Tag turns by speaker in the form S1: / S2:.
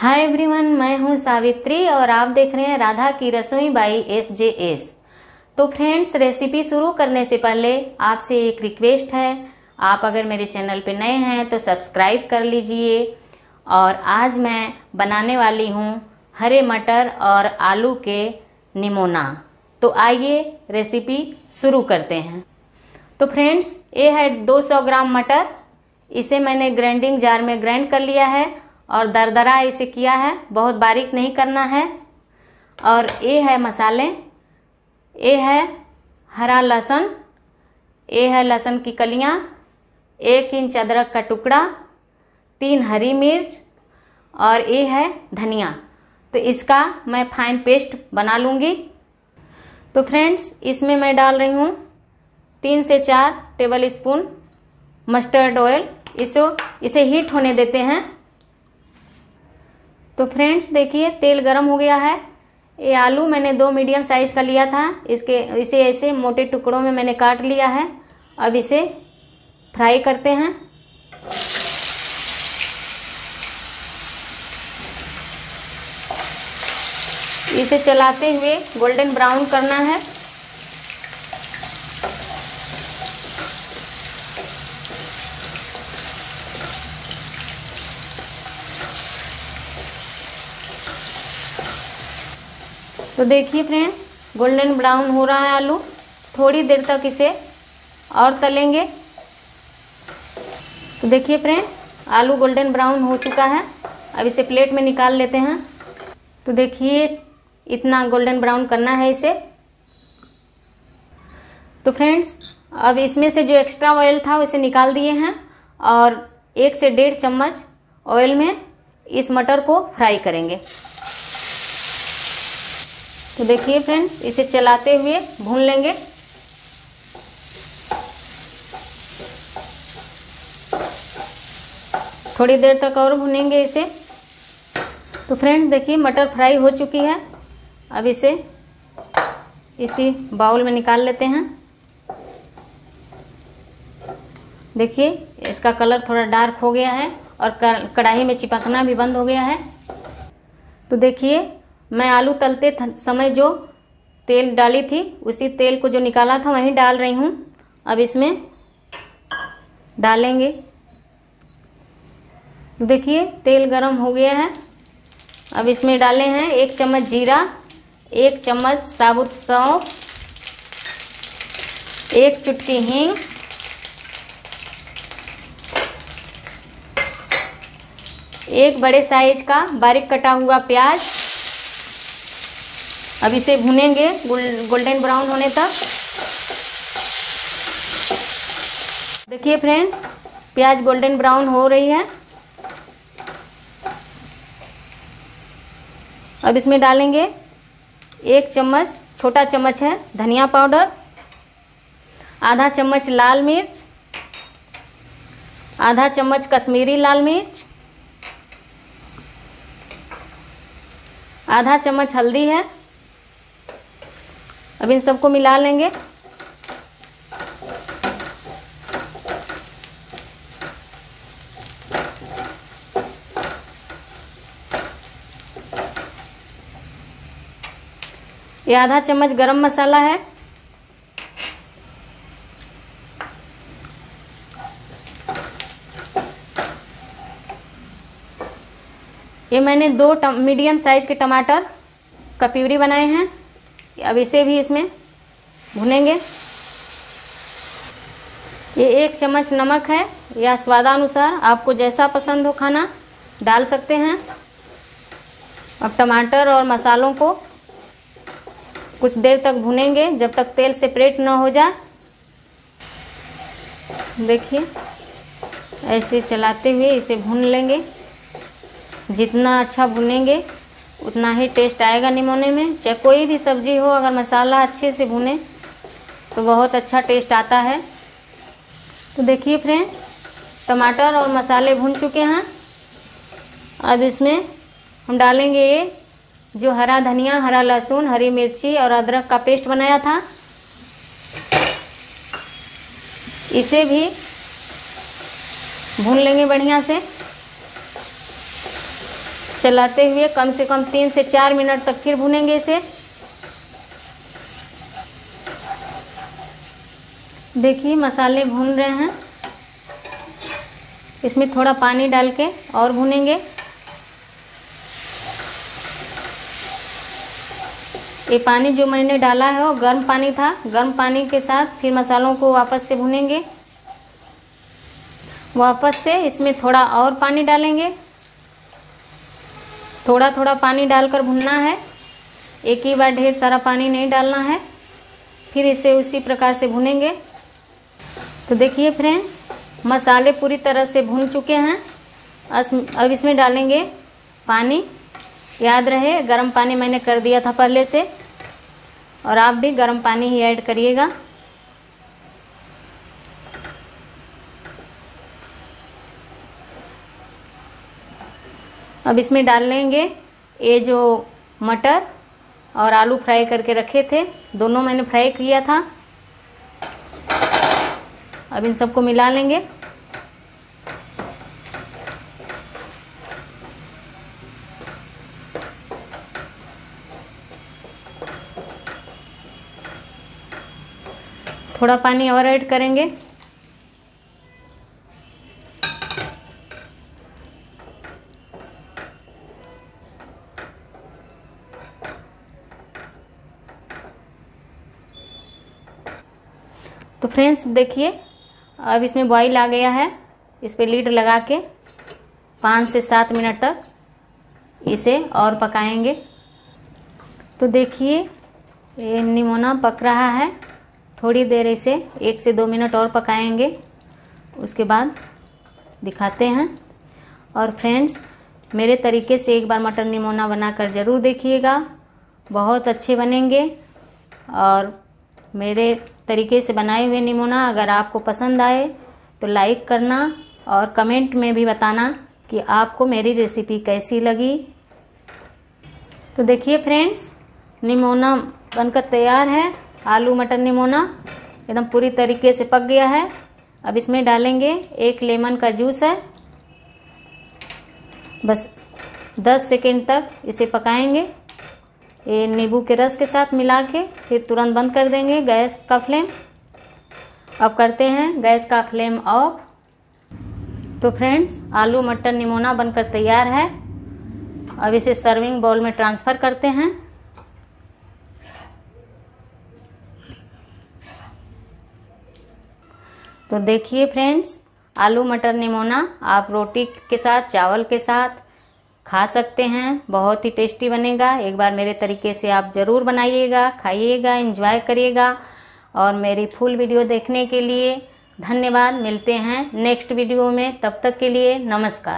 S1: हाय everyone मैं हूं सावित्री और आप देख रहे हैं राधा की रसोई बाई एस जे एस तो फ्रेंड्स रेसिपी शुरू करने से पहले आपसे एक रिक्वेस्ट है आप अगर मेरे चैनल पर नए हैं तो सब्सक्राइब कर लीजिए और आज मैं बनाने वाली हूं हरे मटर और आलू के निमोना तो आइए रेसिपी शुरू करते हैं तो फ्रेंड्स ये है 200 ग्राम मटर इसे मैंने ग्राइंडिंग जार में ग्राइंड कर लिया है और दरदरा इसे किया है बहुत बारीक नहीं करना है और ये है मसाले ये है हरा लहसुन ये है लहसुन की कलियाँ एक इंच अदरक का टुकड़ा तीन हरी मिर्च और ये है धनिया तो इसका मैं फाइन पेस्ट बना लूँगी तो फ्रेंड्स इसमें मैं डाल रही हूँ तीन से चार टेबल स्पून मस्टर्ड ऑयल इसे इसे हीट होने देते हैं तो फ्रेंड्स देखिए तेल गर्म हो गया है ये आलू मैंने दो मीडियम साइज का लिया था इसके इसे ऐसे मोटे टुकड़ों में मैंने काट लिया है अब इसे फ्राई करते हैं इसे चलाते हुए गोल्डन ब्राउन करना है तो देखिए फ्रेंड्स गोल्डन ब्राउन हो रहा है आलू थोड़ी देर तक इसे और तलेंगे तो देखिए फ्रेंड्स आलू गोल्डन ब्राउन हो चुका है अब इसे प्लेट में निकाल लेते हैं तो देखिए इतना गोल्डन ब्राउन करना है इसे तो फ्रेंड्स अब इसमें से जो एक्स्ट्रा ऑयल था उसे निकाल दिए हैं और एक से डेढ़ चम्मच ऑयल में इस मटर को फ्राई करेंगे तो देखिए फ्रेंड्स इसे चलाते हुए भून लेंगे थोड़ी देर तक और भुनेंगे इसे तो फ्रेंड्स देखिए मटर फ्राई हो चुकी है अब इसे इसी बाउल में निकाल लेते हैं देखिए इसका कलर थोड़ा डार्क हो गया है और कढ़ाई में चिपकना भी बंद हो गया है तो देखिए मैं आलू तलते समय जो तेल डाली थी उसी तेल को जो निकाला था वहीं डाल रही हूँ अब इसमें डालेंगे देखिए तेल गरम हो गया है अब इसमें डाले हैं एक चम्मच जीरा एक चम्मच साबुत सौंफ एक चुटकी हींग एक बड़े साइज का बारीक कटा हुआ प्याज अब इसे भुनेंगे गोल्डन ब्राउन होने तक देखिए फ्रेंड्स प्याज गोल्डन ब्राउन हो रही है अब इसमें डालेंगे एक चम्मच छोटा चम्मच है धनिया पाउडर आधा चम्मच लाल मिर्च आधा चम्मच कश्मीरी लाल मिर्च आधा चम्मच हल्दी है अब इन सबको मिला लेंगे ये आधा चम्मच गरम मसाला है ये मैंने दो मीडियम साइज के टमाटर का प्यूरी बनाए हैं अब इसे भी इसमें भुनेंगे ये एक चम्मच नमक है या स्वादानुसार आपको जैसा पसंद हो खाना डाल सकते हैं अब टमाटर और मसालों को कुछ देर तक भुनेंगे जब तक तेल सेपरेट ना हो जाए देखिए ऐसे चलाते हुए इसे भून लेंगे जितना अच्छा भुनेंगे उतना ही टेस्ट आएगा निमोने में चाहे कोई भी सब्जी हो अगर मसाला अच्छे से भुने तो बहुत अच्छा टेस्ट आता है तो देखिए फ्रेंड्स टमाटर और मसाले भुन चुके हैं अब इसमें हम डालेंगे ये जो हरा धनिया हरा लहसुन हरी मिर्ची और अदरक का पेस्ट बनाया था इसे भी भून लेंगे बढ़िया से चलाते हुए कम से कम तीन से चार मिनट तक फिर भुनेंगे इसे देखिए मसाले भून रहे हैं इसमें थोड़ा पानी डाल के और भुनेंगे ये पानी जो मैंने डाला है वो गर्म पानी था गर्म पानी के साथ फिर मसालों को वापस से भुनेंगे वापस से इसमें थोड़ा और पानी डालेंगे थोड़ा थोड़ा पानी डालकर भुनना है एक ही बार ढेर सारा पानी नहीं डालना है फिर इसे उसी प्रकार से भुनेंगे तो देखिए फ्रेंड्स मसाले पूरी तरह से भुन चुके हैं अब इसमें डालेंगे पानी याद रहे गर्म पानी मैंने कर दिया था पहले से और आप भी गर्म पानी ही ऐड करिएगा अब इसमें डाल लेंगे ये जो मटर और आलू फ्राई करके रखे थे दोनों मैंने फ्राई किया था अब इन सबको मिला लेंगे थोड़ा पानी और ऐड करेंगे तो फ्रेंड्स देखिए अब इसमें बॉईल आ गया है इस पर लीड लगा के पाँच से सात मिनट तक इसे और पकाएंगे तो देखिए ये निमोना पक रहा है थोड़ी देर इसे एक से दो मिनट और पकाएंगे उसके बाद दिखाते हैं और फ्रेंड्स मेरे तरीके से एक बार मटर निमोना बनाकर ज़रूर देखिएगा बहुत अच्छे बनेंगे और मेरे तरीके से बनाए हुए नमूना अगर आपको पसंद आए तो लाइक करना और कमेंट में भी बताना कि आपको मेरी रेसिपी कैसी लगी तो देखिए फ्रेंड्स निमोना बनकर तैयार है आलू मटर निमोना एकदम पूरी तरीके से पक गया है अब इसमें डालेंगे एक लेमन का जूस है बस 10 सेकेंड तक इसे पकाएंगे ये नींबू के रस के साथ मिला के फिर तुरंत बंद कर देंगे गैस का फ्लेम अब करते हैं गैस का फ्लेम ऑफ तो फ्रेंड्स आलू मटर निमोना बनकर तैयार है अब इसे सर्विंग बाउल में ट्रांसफ़र करते हैं तो देखिए फ्रेंड्स आलू मटर निमोना आप रोटी के साथ चावल के साथ खा सकते हैं बहुत ही टेस्टी बनेगा एक बार मेरे तरीके से आप ज़रूर बनाइएगा खाइएगा इंजॉय करिएगा और मेरी फुल वीडियो देखने के लिए धन्यवाद मिलते हैं नेक्स्ट वीडियो में तब तक के लिए नमस्कार